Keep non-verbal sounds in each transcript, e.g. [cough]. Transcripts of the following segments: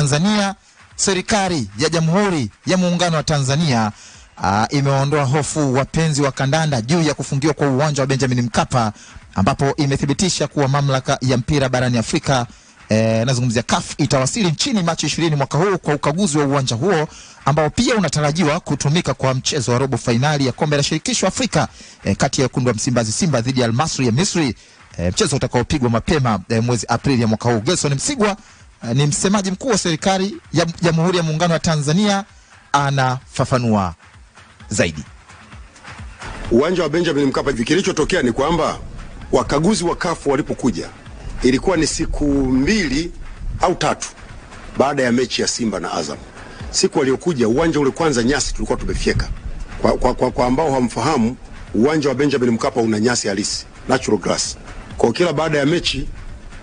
Tanzania, serikali ya Jamhuri ya Muungano wa Tanzania uh, imeondoa hofu wapenzi wa kandanda juu ya kufungiwa kwa uwanja wa Benjamin Mkapa, ambapo imethibitisha kuwa mamlaka ya mpira barani Afrika eh, nazungumzia CAF itawasili nchini Machi 20 mwaka huu kwa ukaguzi wa uwanja huo ambao pia unatarajiwa kutumika kwa mchezo wa robo fainali ya kombe la shirikisho Afrika eh, kati ya wekundu wa Msimbazi Simba dhidi ya Al Masry ya Misri eh, mchezo utakaopigwa mapema eh, mwezi Aprili ya mwaka huu. Gelson Msigwa Eh, ni msemaji mkuu wa serikali ya Jamhuri ya Muungano wa Tanzania anafafanua zaidi. Uwanja wa Benjamin Mkapa kilichotokea ni kwamba wakaguzi wa kafu walipokuja, ilikuwa ni siku mbili au tatu baada ya mechi ya Simba na Azam. Siku waliokuja uwanja ule, kwanza nyasi tulikuwa tumefyeka. Kwa, kwa, kwa, kwa ambao hamfahamu uwanja wa Benjamin Mkapa una nyasi halisi, natural grass. Kwa kila baada ya mechi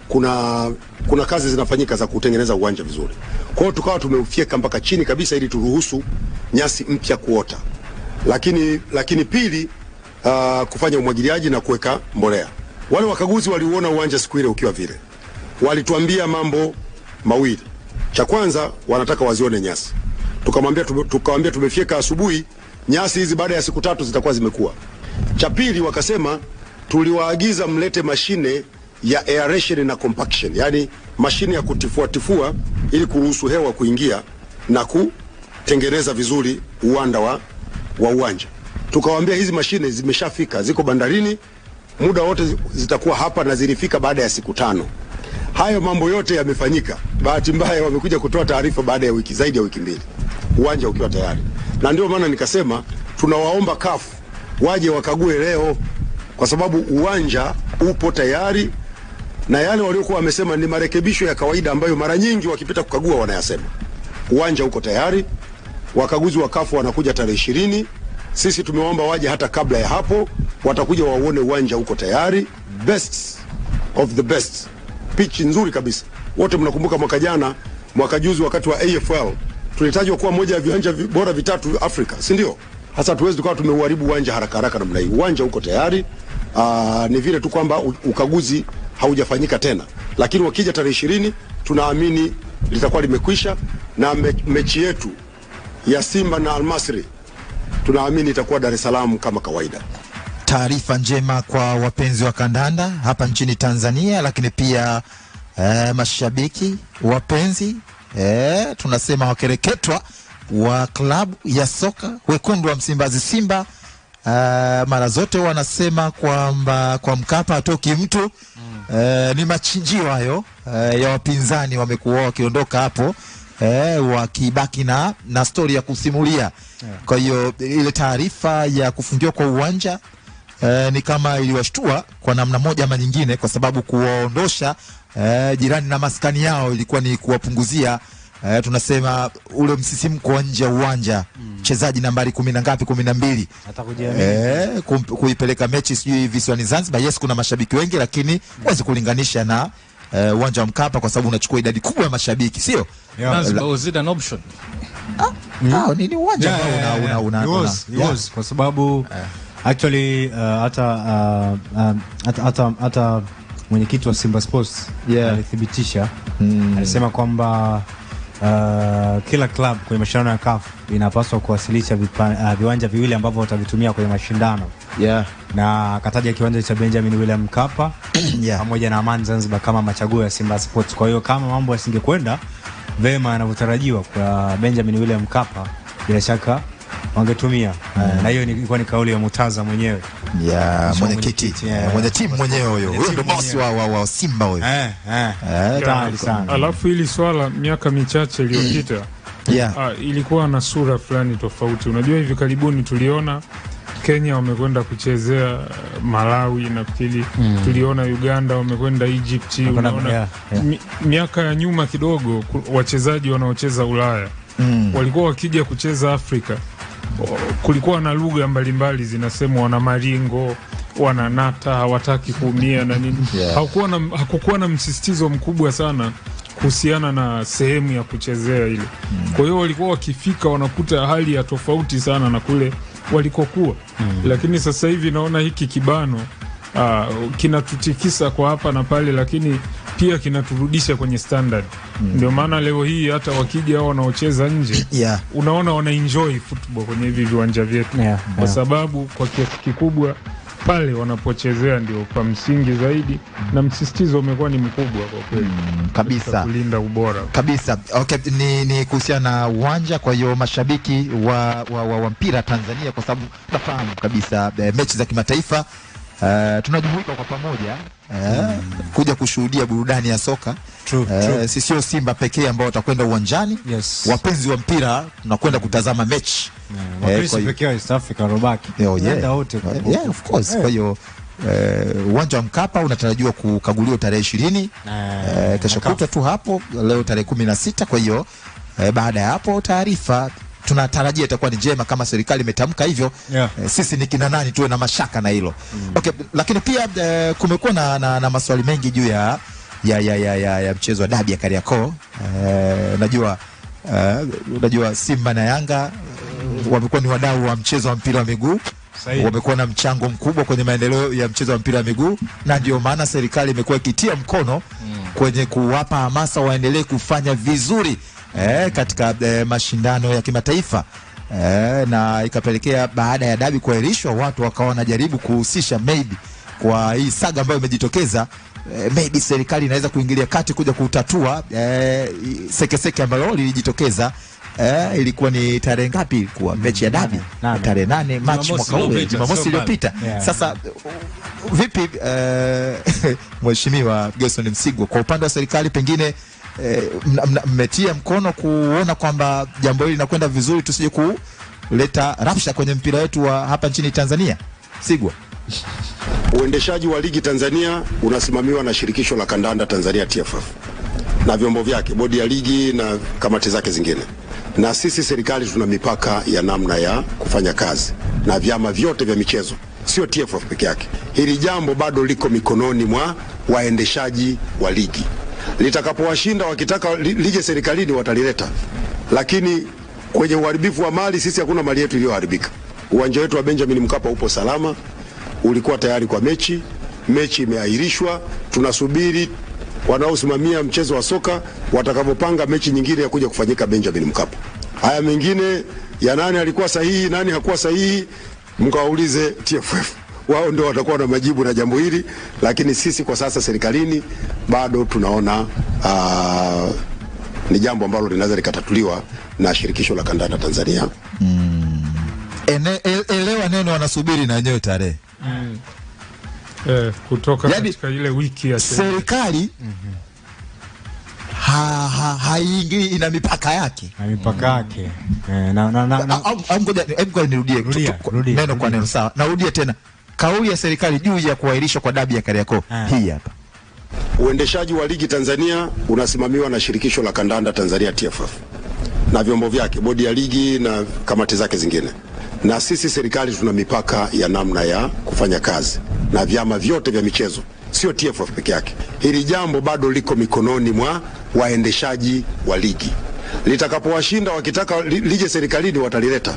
kuna kuna kazi zinafanyika za kutengeneza uwanja vizuri. Kwa hiyo tukawa tumeufyeka mpaka chini kabisa ili turuhusu nyasi mpya kuota, lakini lakini pili, uh, kufanya umwagiliaji na kuweka mbolea. Wale wakaguzi waliuona uwanja siku ile ukiwa vile, walituambia mambo mawili. Cha kwanza, wanataka wazione nyasi, tukamwambia tukamwambia tumefyeka asubuhi, nyasi hizi baada ya siku tatu zitakuwa zimekuwa. Cha pili, wakasema tuliwaagiza mlete mashine ya aeration na compaction, yani mashine ya kutifuatifua ili kuruhusu hewa kuingia na kutengeneza vizuri uwanda wa, wa uwanja. Tukawaambia hizi mashine zimeshafika, ziko bandarini, muda wote zitakuwa hapa na zilifika baada ya siku tano. Hayo mambo yote yamefanyika. Bahati mbaya wamekuja kutoa taarifa baada ya wiki zaidi ya wiki mbili, uwanja ukiwa tayari, na ndio maana nikasema tunawaomba kafu waje wakague leo, kwa sababu uwanja upo tayari na yale waliokuwa wamesema ni marekebisho ya kawaida ambayo mara nyingi wakipita kukagua wanayasema. Uwanja uko tayari, wakaguzi wa kafu wanakuja tarehe ishirini. Sisi tumewaomba waje hata kabla ya hapo, watakuja wauone uwanja uko tayari, best of the best, pitch nzuri kabisa. Wote mnakumbuka mwaka jana, mwaka juzi, wakati wa AFL tulitajwa kuwa moja ya viwanja bora vitatu Afrika, si ndio? Hasa tuwezi tukawa tumeuharibu uwanja haraka haraka namna hii. Uwanja uko tayari. Aa, ni vile tu kwamba ukaguzi haujafanyika tena, lakini wakija tarehe ishirini tunaamini litakuwa limekwisha, na me, mechi yetu ya Simba na Almasri tunaamini itakuwa Dar es Salaam kama kawaida. Taarifa njema kwa wapenzi wa kandanda hapa nchini Tanzania, lakini pia eh, mashabiki wapenzi eh, tunasema wakereketwa wa klabu ya soka wekundu wa Msimbazi Simba Uh, mara zote wanasema kwamba kwa Mkapa hatoki mtu mm. Uh, ni machinjio hayo uh, ya wapinzani wamekuwa wakiondoka hapo uh, wakibaki na, na stori ya kusimulia yeah. Kwa hiyo ile taarifa ya kufungiwa kwa uwanja uh, ni kama iliwashtua kwa namna moja ama nyingine, kwa sababu kuwaondosha uh, jirani na maskani yao ilikuwa ni kuwapunguzia eh, tunasema ule msisimko wa nje ya uwanja hmm. mchezaji mm. nambari kumi na ngapi, kumi na mbili eh, kuipeleka mechi sijui visiwani Zanzibar. Yes, kuna mashabiki wengi lakini mm. huwezi kulinganisha na eh, uwanja eh, wa Mkapa kwa sababu unachukua idadi kubwa ya mashabiki sio? Ah, hmm. ah, ni uwanja kwa sababu eh. actually uh, uh, um, hata hata mwenyekiti wa Simba Sports alithibitisha, hmm. alisema kwamba Uh, kila club kwenye mashindano ya CAF inapaswa kuwasilisha uh, viwanja viwili ambavyo watavitumia kwenye mashindano yeah. Na akataja kiwanja cha Benjamin William Mkapa [coughs] yeah. Pamoja na Amani Zanzibar kama machaguo ya Simba Sports. Kwa hiyo kama mambo yasingekwenda vema yanavyotarajiwa kwa Benjamin William Mkapa, bila shaka wangetumia mm. Uh, na hiyo ilikuwa ni kauli ya Mutaza mwenyewe ya mwenyekiti timu eh. mwenyewe huyo huyo ndio bosi wa, wa, wa Simba huyo eh, eh. Eh, alafu hili swala miaka michache iliyopita yeah. [clears throat] Ah, ilikuwa na sura fulani tofauti. Unajua hivi karibuni tuliona Kenya wamekwenda kuchezea eh, Malawi nafikiri mm. Tuliona Uganda wamekwenda Egypt. Unaona yeah, yeah. Mi, miaka ya nyuma kidogo wachezaji wanaocheza Ulaya mm. walikuwa wakija kucheza Afrika kulikuwa na lugha mbalimbali zinasemwa, wana maringo wananata hawataki kuumia na nini yeah. Hakukuwa na, hakukuwa na msisitizo mkubwa sana kuhusiana na sehemu ya kuchezea ile mm. Kwa hiyo walikuwa wakifika wanakuta hali ya tofauti sana na kule walikokuwa mm. Lakini sasa hivi naona hiki kibano uh, kinatutikisa kwa hapa na pale, lakini pia kinaturudisha kwenye standard mm. Ndio maana leo hii hata wakija hao wanaocheza nje yeah. Unaona wana enjoy football kwenye hivi viwanja vyetu yeah, kwa sababu kwa kiasi kikubwa pale wanapochezea ndio kwa msingi zaidi, mm. na msisitizo umekuwa ni mkubwa kwa kweli mm, kabisa kulinda ubora kabisa. Okay, ni, ni kuhusiana na uwanja. Kwa hiyo mashabiki wa, wa, wa, wa mpira Tanzania, kwa sababu nafahamu kabisa eh, mechi za kimataifa Uh, tunajumuika kwa pamoja uh, mm. kuja kushuhudia burudani ya soka uh, si sio Simba pekee ambao watakwenda uwanjani yes. Wapenzi wa mpira tunakwenda kutazama mechi hmm. oh, oh, kwa hiyo uwanja wa Mkapa unatarajiwa kukaguliwa tarehe ishirini uh, kesho kutwa tu hapo, leo tarehe kumi na sita. Kwa hiyo uh, baada ya hapo taarifa tunatarajia itakuwa ni njema kama serikali imetamka hivyo yeah. Eh, sisi ni kina nani tuwe na mashaka na hilo mm. Okay, lakini pia eh, kumekuwa na, na, na maswali mengi juu ya, ya, ya, ya, ya, ya mchezo wa dabi ya Kariakoo eh, najua eh, najua Simba na Yanga uh, wamekuwa ni wadau wa mchezo wa mpira wa miguu, wamekuwa na mchango mkubwa kwenye maendeleo ya mchezo wa mpira wa miguu, na ndio maana serikali imekuwa ikitia mkono mm. kwenye kuwapa hamasa waendelee kufanya vizuri eh, katika eh, mashindano ya kimataifa eh, na ikapelekea baada ya dabi kuahirishwa, watu wakawa wanajaribu kuhusisha maybe kwa hii saga ambayo imejitokeza eh, maybe serikali inaweza kuingilia kati kuja kutatua eh, sekeseke ambalo lilijitokeza. Eh, ilikuwa ni tarehe ngapi? Ilikuwa mechi ya dabi tarehe nane Machi mwaka huu eh, Jumamosi iliyopita. Sasa vipi, eh, [laughs] Mheshimiwa Gerson Msigwa, kwa upande wa serikali pengine Eh, mmetia mkono kuona kwamba jambo hili linakwenda vizuri, tusije kuleta rafsha kwenye mpira wetu wa hapa nchini Tanzania. Sigwa, uendeshaji wa ligi Tanzania unasimamiwa na shirikisho la kandanda Tanzania TFF na vyombo vyake, bodi ya ligi na kamati zake zingine, na sisi serikali tuna mipaka ya namna ya kufanya kazi na vyama vyote vya michezo, sio TFF peke yake. Hili jambo bado liko mikononi mwa waendeshaji wa ligi litakapowashinda wakitaka lije serikalini watalileta, lakini kwenye uharibifu wa mali sisi hakuna mali yetu iliyoharibika. Uwanja wetu wa Benjamin Mkapa upo salama, ulikuwa tayari kwa mechi. Mechi imeahirishwa, tunasubiri wanaosimamia mchezo wa soka watakavyopanga mechi nyingine ya kuja kufanyika Benjamin Mkapa. Haya mengine ya nani alikuwa sahihi, nani hakuwa sahihi, mkawaulize TFF wao ndio watakuwa na majibu na jambo hili, lakini sisi kwa sasa serikalini bado tunaona uh, ni jambo ambalo linaweza likatatuliwa na shirikisho la kandanda Tanzania. Mm. Ene, e, elewa neno wanasubiri na wenyewe tarehe mm. Eh, kutoka yani, katika ile wiki ya serikali mm ha, ha, haingii ina mipaka yake na mipaka hmm. yake. Eh, ngoja nirudie neno kwa neno sawa, narudia tena kauli ya serikali juu ya kuahirishwa kwa dabi ya Kariakoo ah. hii hapa. Uendeshaji wa ligi Tanzania unasimamiwa na shirikisho la kandanda Tanzania TFF na vyombo vyake, bodi ya ligi na kamati zake zingine, na sisi serikali tuna mipaka ya namna ya kufanya kazi na vyama vyote vya michezo, sio TFF peke yake. Hili jambo bado liko mikononi mwa waendeshaji wa ligi. Litakapowashinda wakitaka lije serikalini, watalileta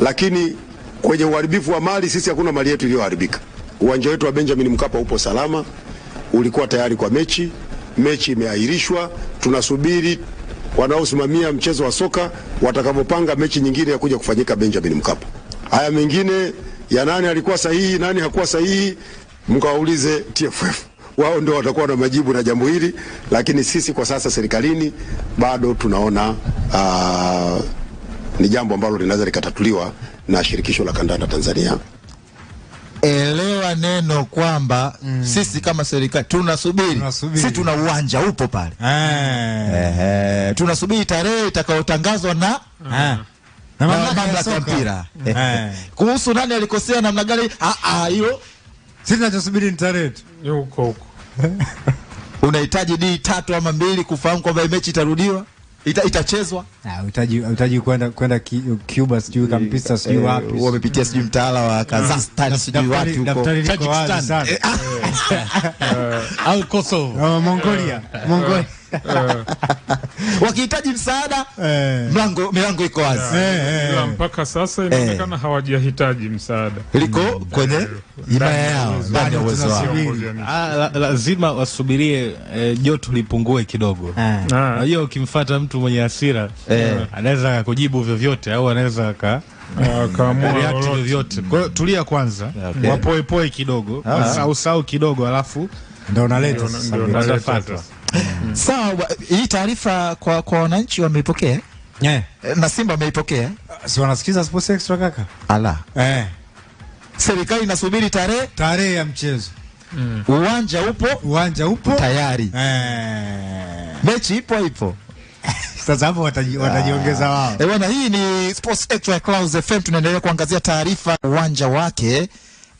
lakini kwenye uharibifu wa mali, sisi hakuna mali yetu iliyoharibika. Uwanja wetu wa Benjamin Mkapa upo salama, ulikuwa tayari kwa mechi. Mechi imeahirishwa, tunasubiri wanaosimamia mchezo wa soka watakavyopanga mechi nyingine ya kuja kufanyika Benjamin Mkapa. Haya mengine ya nani alikuwa sahihi, nani hakuwa sahihi, mkawaulize TFF, wao ndio watakuwa na majibu na jambo hili, lakini sisi kwa sasa serikalini bado tunaona aa, ah, ni jambo ambalo linaweza likatatuliwa na shirikisho la kandanda Tanzania. Elewa neno kwamba mm. sisi kama serikali tunasubiri, tunasubiri. Sisi tuna uwanja upo pale eh, tunasubiri tarehe itakayotangazwa eh. na Na mamlaka ya mpira eh. kuhusu nani alikosea namna gani, ah, ah, hiyo sisi tunachosubiri ni tarehe huko huko. [laughs] Unahitaji D tatu ama mbili kufahamu kwamba mechi itarudiwa. Ita, itachezwa ah, utaji kwenda kwenda Cuba sijui kampisa sijui eh, wapi wamepitia sijui mtaala wa mm. Kazakhstan sijui wapi huko Tajikistan eh. au [laughs] Kosovo eh. oh, Mongolia Mongolia Eh. [laughs] wakihitaji msaada eh. mlango milango iko wazi eh, mpaka sasa, inaonekana hawajahitaji msaada, liko mm. kwenye imaya yao, ndani ya uwezo wao. Ah, lazima wasubirie joto lipungue kidogo. Ah. Unajua, ukimfuata mtu mwenye hasira anaweza kujibu vyovyote au anaweza aka vyovyote. Kwa hiyo tulia kwanza, wapoepoe kidogo, ah. usahau kidogo, alafu ndio unaleta Mm. so, hii taarifa kwa kwa wananchi wameipokea? Yeah. Eh, na Simba wameipokea? Ah, si wanasikiza Sports Extra kaka? Ala. Eh. Serikali inasubiri tarehe tarehe ya mchezo. Mm. Uwanja upo? Uwanja upo tayari. Eh. Mechi ipo ipo. [laughs] Sasa hapo watajiongeza ah. wao. Eh, bwana hii ni Sports Extra Clouds FM tunaendelea kuangazia taarifa uwanja wake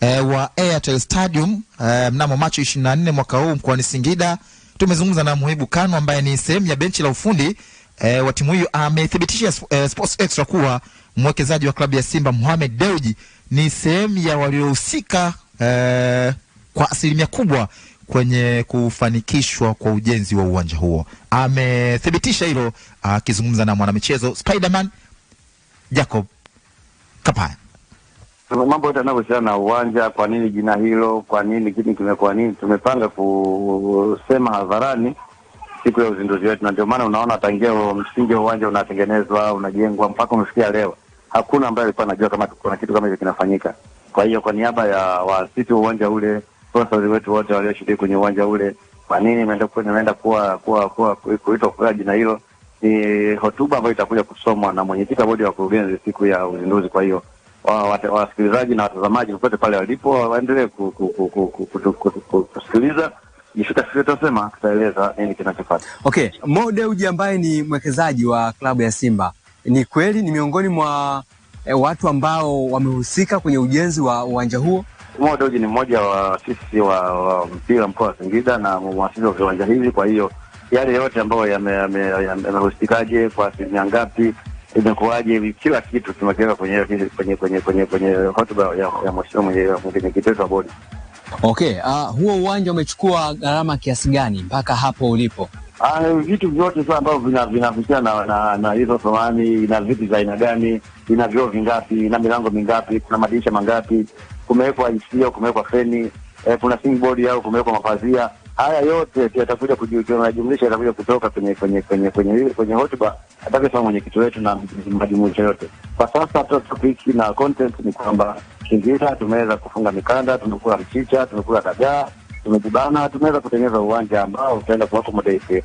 eh, wa Airtel Stadium eh, mnamo Machi 24 mwaka huu mkoani Singida Tumezungumza na Muhibu kano ambaye ni sehemu ya benchi la ufundi e, wa timu hiyo. Amethibitisha e, Sports Extra kuwa mwekezaji wa klabu ya Simba Mohamed Dewji ni sehemu ya waliohusika e, kwa asilimia kubwa kwenye kufanikishwa kwa ujenzi wa uwanja huo. Amethibitisha hilo akizungumza na mwanamichezo Spiderman Jacob Kapaya mambo yote yanayohusiana na uwanja, kwa nini jina hilo, kwa nini kitu kimekuwa nini, tumepanga kusema hadharani siku ya uzinduzi wetu, na ndio maana unaona tangia msingi wa uwanja unatengenezwa, unajengwa mpaka umefikia leo, hakuna ambaye alikuwa anajua kama kuna kitu kama hicho kinafanyika. Kwa hiyo kwa niaba ya waasisi wa uwanja ule, sponsors wetu wote walioshiriki kwenye uwanja ule, kwa nini imeenda kuwa kuwa kuwa kuitwa kwa jina hilo, ni hotuba ambayo itakuja kusomwa na mwenyekiti wa bodi ya wakurugenzi siku ya uzinduzi. Kwa hiyo wasikilizaji na watazamaji popote pale walipo waendelee kusikiliza tasema tutaeleza nini kinachofata. Okay, Mo Dewji ambaye ni mwekezaji wa klabu ya Simba ni kweli ni miongoni mwa e, watu ambao wamehusika kwenye ujenzi wa uwanja huo. Mo Dewji ni mmoja wa sisi wa, wa mpira mkoa wa Singida na mwasisi wa viwanja hivi. Kwa hiyo yale yote ambayo yamehusikaje, yame, yame, yame kwa asilimia ngapi hivi, kila kitu tunakiweka kwenye kwenye kwenye kwenye kwenye hotuba ya, ya mheshimiwa mwenyekiti wa bodi. Okay, uh, huo uwanja umechukua gharama kiasi gani mpaka hapo ulipo? Ah, vitu uh, vyote sasa ambavyo vinahusiana na, na, na hizo thamani, ina viti za aina gani, ina vyoo vingapi, ina milango mingapi, kuna madirisha mangapi, kumewekwa kumewekwa feni eh, kuna singboard au kumewekwa mapazia haya yote yatakuja kujumlisha, yatakuja kutoka kwenye kwenye kwenye kwenye kwenye hotuba atakayosema mwenyekiti wetu na majumuisho yote. Kwa sasa topic na content ni kwamba Kingila tumeweza kufunga mikanda, tumekula mchicha, tumekula dagaa, tumejibana, tumeweza kutengeneza uwanja ambao utaenda kuwakomodate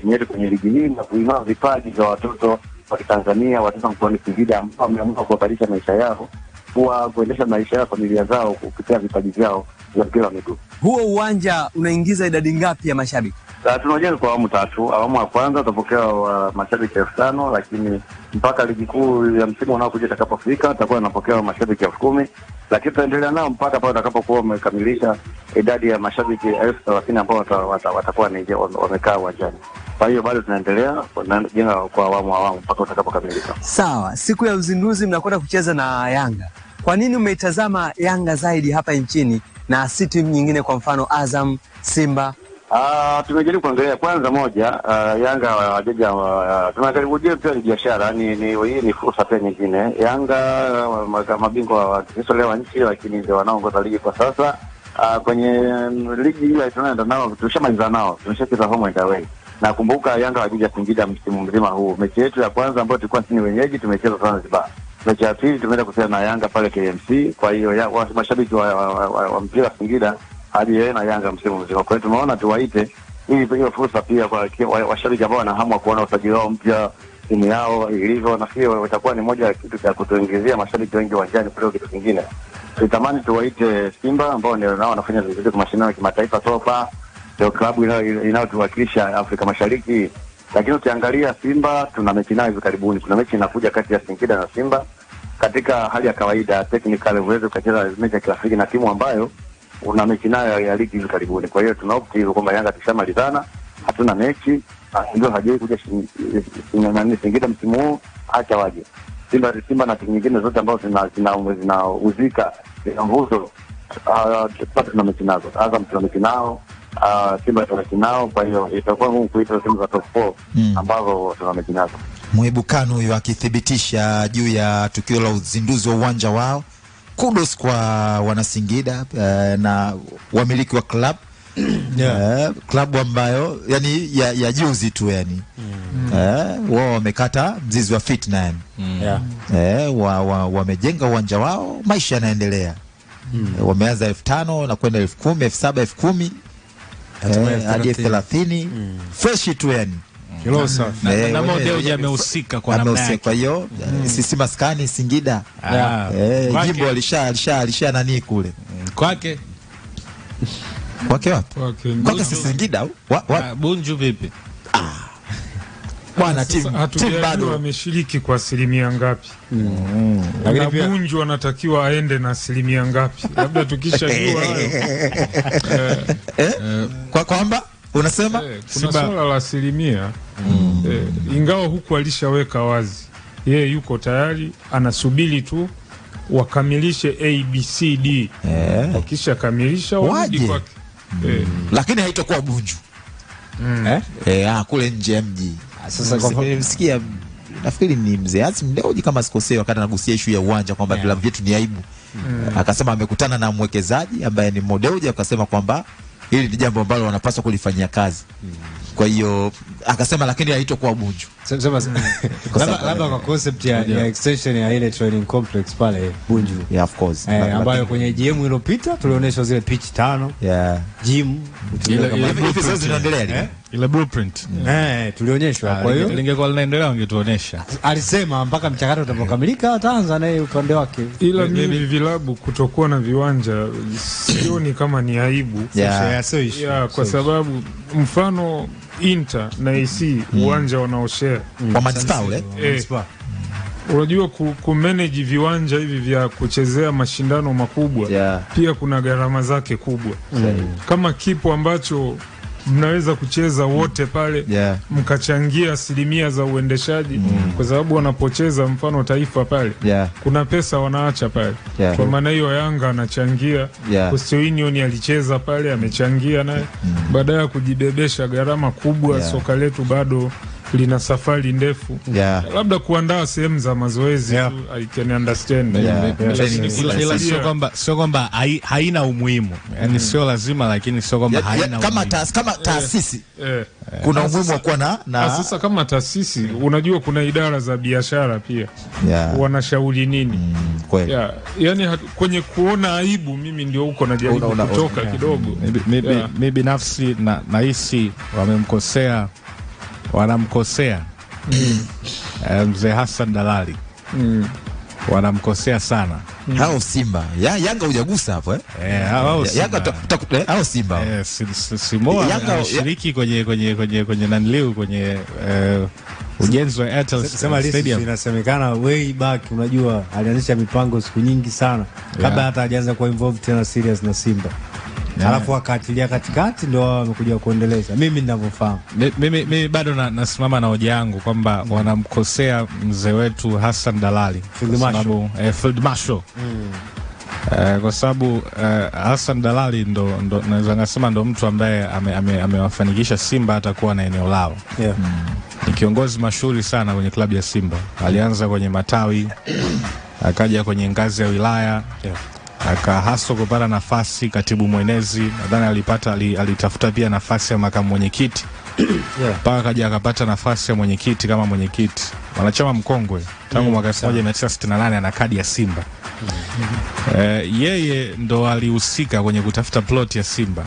timu yetu kwenye ligi hii na kuinua vipaji vya watoto wa Kitanzania, watoto mkoani Kingila ambao wameamua kuwabadilisha maisha yao, kuwa kuendesha maisha yao, familia zao kupitia vipaji vyao ya mpira wa miguu. Huo uwanja unaingiza idadi ngapi ya mashabiki? Ah, tunajenga kwa awamu tatu. Awamu ya kwanza tutapokea wa mashabiki elfu tano lakini mpaka ligi kuu ya msimu unaokuja itakapofika tutakuwa tunapokea mashabiki elfu kumi lakini tutaendelea nao mpaka pale utakapokuwa umekamilisha idadi ya mashabiki elfu thelathini ambao watakuwa wamekaa uwanjani. Kwa hiyo bado tunaendelea tunajenga kwa awamu awamu mpaka utakapokamilika. Sawa, siku ya uzinduzi mnakwenda kucheza na Yanga. Kwa nini umeitazama Yanga zaidi hapa nchini na si timu nyingine, kwa mfano Azam, Simba? Uh, tumejaribu kuangalia kwanza moja, uh, Yanga ah, wajaja uh, tunajaribu je, pia ni biashara ni ni hii ni fursa pia nyingine. Yanga uh, mabingwa wa kihistoria nchi, lakini ndio wanaongoza ligi kwa sasa. Uh, kwenye mm, ligi hii tunaenda nao, tumeshamaliza nao, tumeshacheza home and away. Nakumbuka Yanga wajaja Singida msimu mzima huu, mechi yetu ya kwanza ambayo tulikuwa sisi wenyeji tumecheza Zanzibar mechi ya pili tumeenda kucheza na Yanga pale KMC. Kwa hiyo mashabiki wa, wa, wa, wa, wa mpira Singida hadi yeye na Yanga msimu mzima. Kwa hiyo tumeona tuwaite ili hiyo fursa pia kwa washabiki ambao wana hamu kuona usajili wao mpya timu yao ilivyo, nafikiri itakuwa ni moja ya kitu cha kutuingizia mashabiki wengi uwanjani kuliko kitu kingine. Tulitamani tuwaite Simba ambao ndio nao wanafanya vizuri kwa mashindano ya kimataifa sofa, ndio klabu inayotuwakilisha Afrika Mashariki, lakini ukiangalia Simba tuna mechi nayo hivi karibuni, kuna mechi inakuja kati ya Singida na Simba katika hali ya kawaida technically huwezi ukacheza mechi ya kirafiki na timu ambayo una mechi nayo ya ligi hivi karibuni. Kwa hiyo tuna tunaopti hivyo kwamba Yanga tushamalizana, hatuna mechi, ndio hajui kuja nani Singida msimu huu, acha waje Simba Simba na timu nyingine zote ambazo zina zina uzika mvuto, ah, tuna mechi nazo. Azam tuna mechi nao, ah, Simba tuna mechi nao, kwa hiyo itakuwa ngumu kuita timu za top 4 mm. ambazo tuna mechi nazo. Muebukano huyo akithibitisha juu ya tukio la uzinduzi wa uwanja wao. Kudos kwa Wanasingida uh, eh, na wamiliki wa klabu [clears throat] yeah. uh, eh, klabu ambayo yani ya, ya juzi tu yani mm. uh, wao wamekata mzizi wa fitna yani mm. yeah. uh, wamejenga wa, wa uwanja wao, maisha yanaendelea mm. uh, wameanza elfu tano na kwenda elfu kumi elfu saba elfu kumi hadi elfu thelathini mm. freshi tu yani Eh, kwa hiyo mm. eh, sisi maskani Singida. Ah. Eh, jimbo alisha nani kule. Mm. Kwake. Kwake wapi? Kwake Singida. Ah, Bunju vipi? Ah. Bwana timu bado wameshiriki kwa asilimia ngapi? Mm. Lakini pia Bunju anatakiwa aende na asilimia ngapi? Labda tukishajua [laughs] Eh? Kwa kwamba unasema eh, kuna swala la asilimia mm. eh, ingawa huku alishaweka wazi yeye yuko tayari anasubiri tu wakamilishe abcd eh. kamilisha waje mm. eh. lakini haitakuwa Bunju mm. eh? Eh, ah, kule nje ya mji sasa msikia mm. nafikiri ni mzee Azim Dewji kama sikosei, wakati anagusia ishu ya uwanja kwamba yeah. vyetu ni aibu mm. akasema amekutana na mwekezaji ambaye ni Mo Dewji akasema kwamba Hili ni jambo ambalo wanapaswa kulifanyia kazi. Kwa hiyo akasema, lakini haitokuwa Bunju. [laughs] Eh, labda kwa concept ya, ya extension ya ile training complex pale Bunju. Yeah, of course. Eh, ambayo kwenye GM iliyopita tulionyeshwa zile pitch tano. Yeah. Gym. Hivi sasa zinaendelea ile blueprint mm. eh, tulionyeshwa. Ah, kwa hiyo lingekuwa linaendelea ungetuonyesha. alisema mpaka mchakato utapokamilika ataanza naye upande wake. Ila mimi vilabu kutokuwa na viwanja sioni kama ni aibu yeah. So, yeah, so kwa so sababu mfano Inter na AC mm. uwanja wanaoshare kwa mm. manispaa ule eh. Unajua ku, ku manage viwanja hivi vya kuchezea mashindano makubwa yeah. Pia kuna gharama zake kubwa mm. Kama kipo ambacho mnaweza kucheza wote pale yeah. mkachangia asilimia za uendeshaji mm. kwa sababu wanapocheza mfano taifa pale yeah. kuna pesa wanaacha pale yeah. kwa maana hiyo Yanga anachangia yeah. Union alicheza pale amechangia naye mm. baada ya kujibebesha gharama kubwa yeah. soka letu bado lina safari ndefu yeah. Labda kuandaa sehemu za mazoezi yeah. I can understand yeah. Yeah. Yeah. Ila sio kwamba sio kwamba haina umuhimu yani mm. Sio lazima lakini sio kwamba yeah, haina kama taas, kama taasisi yeah. Yeah. Kuna umuhimu wa kuwa na na ah, sasa kama taasisi mm. Unajua kuna idara za biashara pia yeah. Wanashauri nini mm. Kweli yeah. Yani hatu, kwenye kuona aibu mimi ndio huko najaribu kutoka yeah. kidogo mi binafsi na nahisi wamemkosea wanamkosea mm. mzee Hassan Dalali mm. wanamkosea sana mm. hao Simba ya, Yanga hujagusa hapo eh? E, hao Simba, Simoa kwenye kwenye kwenye kwenye naniliu kwenye ujenzi wa Airtel Stadium inasemekana way back, unajua alianzisha mipango siku nyingi sana kabla hata hajaanza kuwa involved tena serious na Simba. Alafu wakaatilia katikati ndo wao wamekuja kuendeleza, mimi ninavyofahamu. Mimi mimi bado na, nasimama na hoja yangu kwamba mm. wanamkosea mzee wetu Hassan Dalali Field Marshal eh, Field Marshal Uh, kwa sababu uh, Hassan Dalali ndo, ndo naweza ngasema ndo mtu ambaye amewafanikisha ame, ame Simba hata kuwa na eneo lao yeah. mm. Ni kiongozi mashuhuri sana kwenye klabu ya Simba, alianza kwenye matawi [coughs] akaja kwenye ngazi ya wilaya yeah akahaso kupata nafasi katibu mwenezi, nadhani alipata alitafuta pia nafasi ya makamu mwenyekiti [clears throat] mpaka yeah. kaja akapata nafasi ya mwenyekiti kama mwenyekiti mwanachama mkongwe tangu mm, mwaka nane ana kadi ya Simba. mm -hmm. E, yeye ndo alihusika kwenye kutafuta plot ya Simba.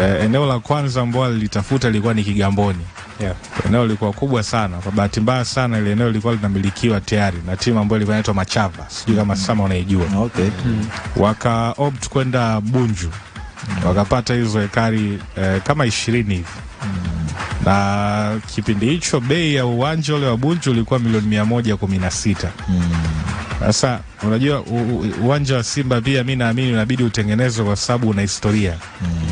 E, eneo la kwanza ambao alilitafuta lilikuwa ni Kigamboni yeah. Eneo lilikuwa kubwa sana, kwa bahati mbaya sana ile eneo lilikuwa linamilikiwa tayari na timu ambayo ilikuwa inaitwa Machava, sijui kama mm. Sama unaijua okay. mm. waka opt kwenda Bunju mm. wakapata hizo hekari eh, kama ishirini hivi mm na kipindi hicho bei ya uwanja ule wa Bunju ulikuwa milioni mia moja kumi na sita. Mm. Sasa unajua uwanja wa Simba pia mi naamini unabidi utengenezwe kwa sababu una historia mm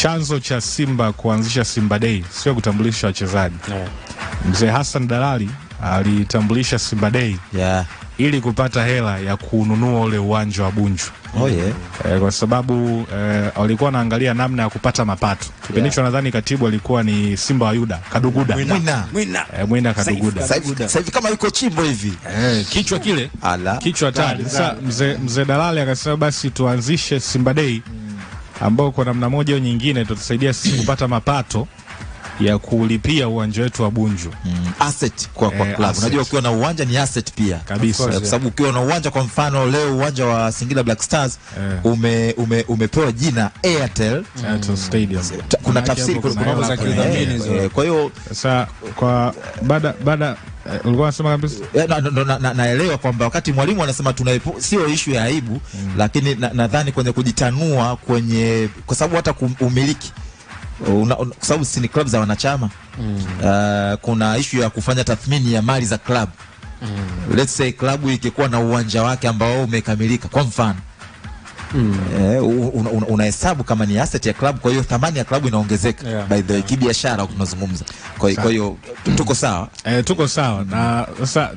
chanzo cha Simba kuanzisha Simba Day sio kutambulisha wachezaji yeah. Mzee Hassan Dalali alitambulisha Simba Day yeah. ili kupata hela ya kununua ule uwanja wa Bunju oh, yeah. E, kwa sababu e, eh, walikuwa wanaangalia namna ya kupata mapato kipindi hicho yeah. Nadhani katibu alikuwa ni Simba wa Yuda Kaduguda Mwina, Mwina. E, Mwina eh, Kaduguda sasa hivi kama yuko chimbo hivi e, kichwa kile Ala. kichwa tali. Sasa mzee mzee Dalali akasema basi tuanzishe Simba Day ambao kwa namna moja au nyingine tutasaidia sisi kupata mapato ya kulipia uwanja wetu wa Bunju. Mm, asset kwa kwa eh, club. Unajua ukiwa na uwanja ni asset pia. Kabisa. Eh, kwa sababu yeah, ukiwa na uwanja kwa mfano leo uwanja wa Singida Black Stars eh, ume, ume, umepewa jina Airtel mm, Stadium. Kuna tafsiri kuna mambo za kidhamini hizo. Eh, kwa hiyo eh, sasa kwa baada baada Eh, ulikuwa unasema kabisa naelewa eh, na, na, na, kwamba wakati mwalimu anasema tunaipo, sio ishu ya aibu mm. Lakini nadhani na kwenye kujitanua kwenye, kwa sababu hata kumiliki kwa sababu si ni club za wanachama mm. Uh, kuna ishu ya kufanya tathmini ya mali za club mm. Let's say klabu ikikuwa na uwanja wake ambao umekamilika kwa mfano unahesabu mm. eh, una kama ni asset ya klabu, kwa hiyo thamani ya klabu inaongezeka yeah. by the way kibiashara tunazungumza, kwa hiyo tuko sawa eh, tuko sawa mm. na sasa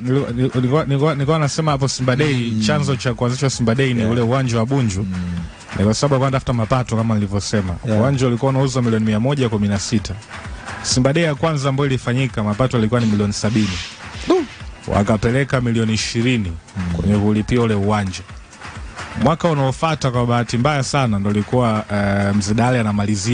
nilikuwa nasema hapo Simba Day mm. chanzo cha kuanzishwa Simba Day ni yeah. ule uwanja wa Bunju mm. ni kwa sababu anatafuta mapato kama nilivyosema yeah. uwanja ulikuwa unauzwa milioni mia moja kumi Simba Day ya kwanza ambayo ilifanyika mapato yalikuwa ni milioni sabini wakapeleka milioni ishirini mm. kwenye kulipia ule uwanja. Mwaka unaofuata kwa bahati mbaya sana ndo likuwa uh, eh, Mzidale anamalizia